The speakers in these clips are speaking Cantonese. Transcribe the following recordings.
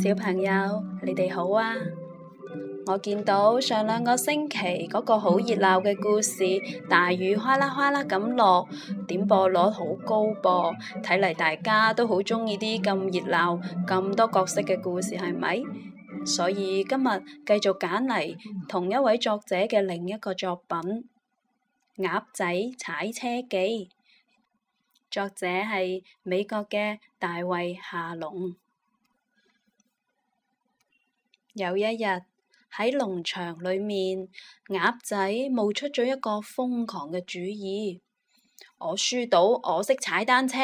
小朋友，你哋好啊！我見到上兩個星期嗰個好熱鬧嘅故事，大雨嘩啦嘩啦咁落，點播率好高噃。睇嚟大家都好鍾意啲咁熱鬧、咁多角色嘅故事，係咪？所以今日繼續揀嚟同一位作者嘅另一個作品《鴨仔踩車記》，作者係美國嘅大衛夏隆。有一日喺農場裏面，鴨仔冒出咗一個瘋狂嘅主意：我輸到我識踩單車。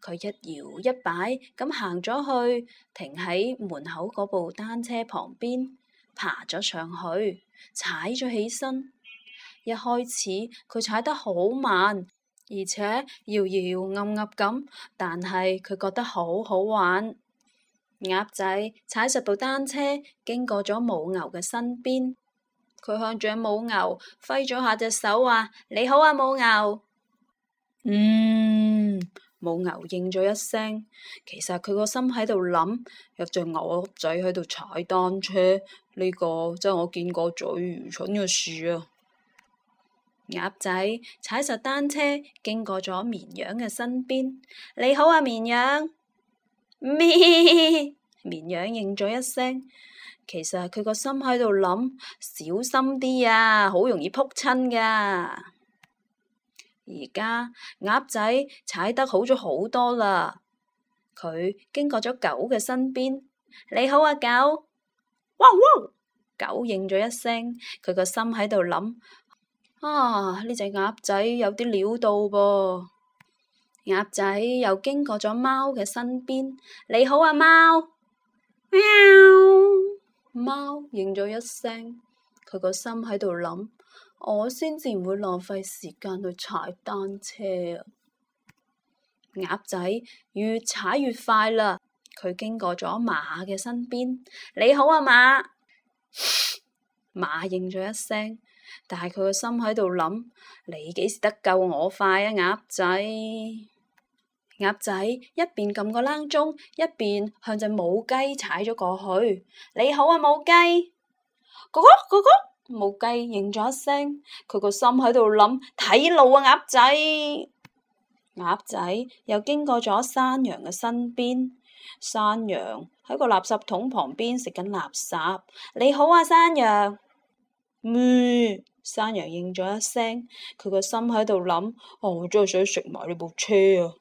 佢一搖一擺咁行咗去，停喺門口嗰部單車旁邊，爬咗上去，踩咗起身。一開始佢踩得好慢，而且搖搖暗暗咁，但係佢覺得好好玩。鴨仔踩實部單車，經過咗母牛嘅身邊，佢向住母牛揮咗下隻手，話：你好啊，母牛。嗯，母牛應咗一聲。其實佢個心喺度諗：有隻牛仔喺度踩單車，呢個真係我見過最愚蠢嘅事啊！鴨仔踩實單車，經過咗綿羊嘅身邊，你好啊，綿羊。咩？綿羊應咗一聲，其實佢個心喺度諗，小心啲啊，好容易扑親噶。而家鴨仔踩得好咗好多啦，佢經過咗狗嘅身邊，你好啊，狗。汪汪！狗應咗一聲，佢個心喺度諗，啊，呢隻鴨仔有啲料到噃。鴨仔又經過咗貓嘅身邊，你好啊，貓，喵。貓應咗一聲，佢個心喺度諗，我先至唔會浪費時間去踩單車啊。鴨仔越踩越快啦，佢經過咗馬嘅身邊，你好啊，馬。馬應咗一聲，但係佢個心喺度諗，你幾時得夠我快啊，鴨仔？鴨仔一邊撳個冷鐘，一邊向隻母雞踩咗過去。你好啊，母雞哥哥哥哥。母雞應咗一聲，佢個心喺度諗，睇路啊，鴨仔。鴨仔又經過咗山羊嘅身邊，山羊喺個垃圾桶旁邊食緊垃圾。你好啊，山羊。嗯，山羊應咗一聲，佢個心喺度諗，哦，我真係想食埋你部車啊！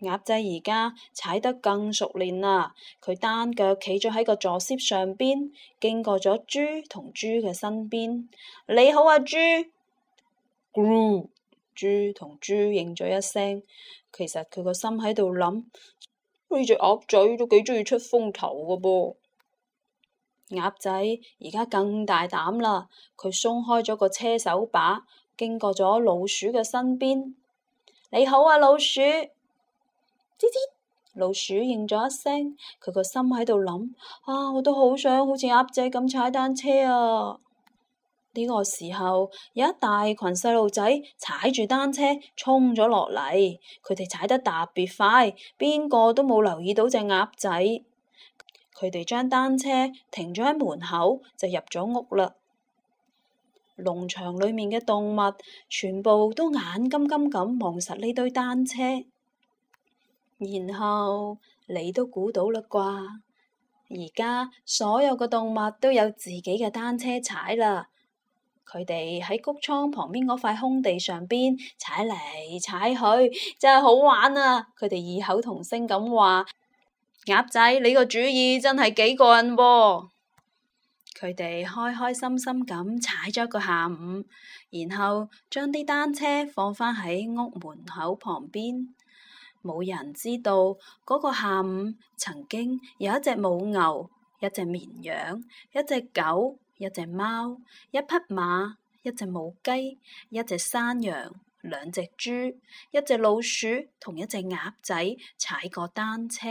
鴨仔而家踩得更熟練啦。佢單腳企咗喺個坐墊上邊，經過咗豬同豬嘅身邊。你好啊，豬。嗯、豬豬同豬應咗一聲。其實佢個心喺度諗，呢隻鴨仔都幾鍾意出風頭嘅噃。鴨仔而家更大膽啦。佢鬆開咗個車手把，經過咗老鼠嘅身邊。你好啊，老鼠。老鼠應咗一聲，佢個心喺度諗：啊，我都好想好似鴨仔咁踩單車啊！呢個時候，有一大群細路仔踩住單車衝咗落嚟，佢哋踩得特別快，邊個都冇留意到隻鴨仔。佢哋將單車停咗喺門口，就入咗屋啦。農場裏面嘅動物全部都眼金金咁望實呢堆單車。然後你都估到啦啩？而家所有嘅動物都有自己嘅單車踩啦，佢哋喺穀倉旁邊嗰塊空地上邊踩嚟踩去，真係好玩啊！佢哋異口同聲咁話：「鴨仔，你個主意真係幾過癮喎。佢哋開開心心咁踩咗一個下午，然後將啲單車放返喺屋門口旁邊。冇人知道嗰個下午，曾經有一隻母牛、一隻綿羊、一隻狗、一隻貓、一匹馬、一隻母雞、一隻山羊、兩隻豬、一隻老鼠同一隻鴨仔踩過單車。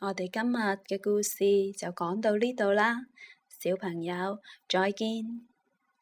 我哋今日嘅故事就講到呢度啦，小朋友，再見。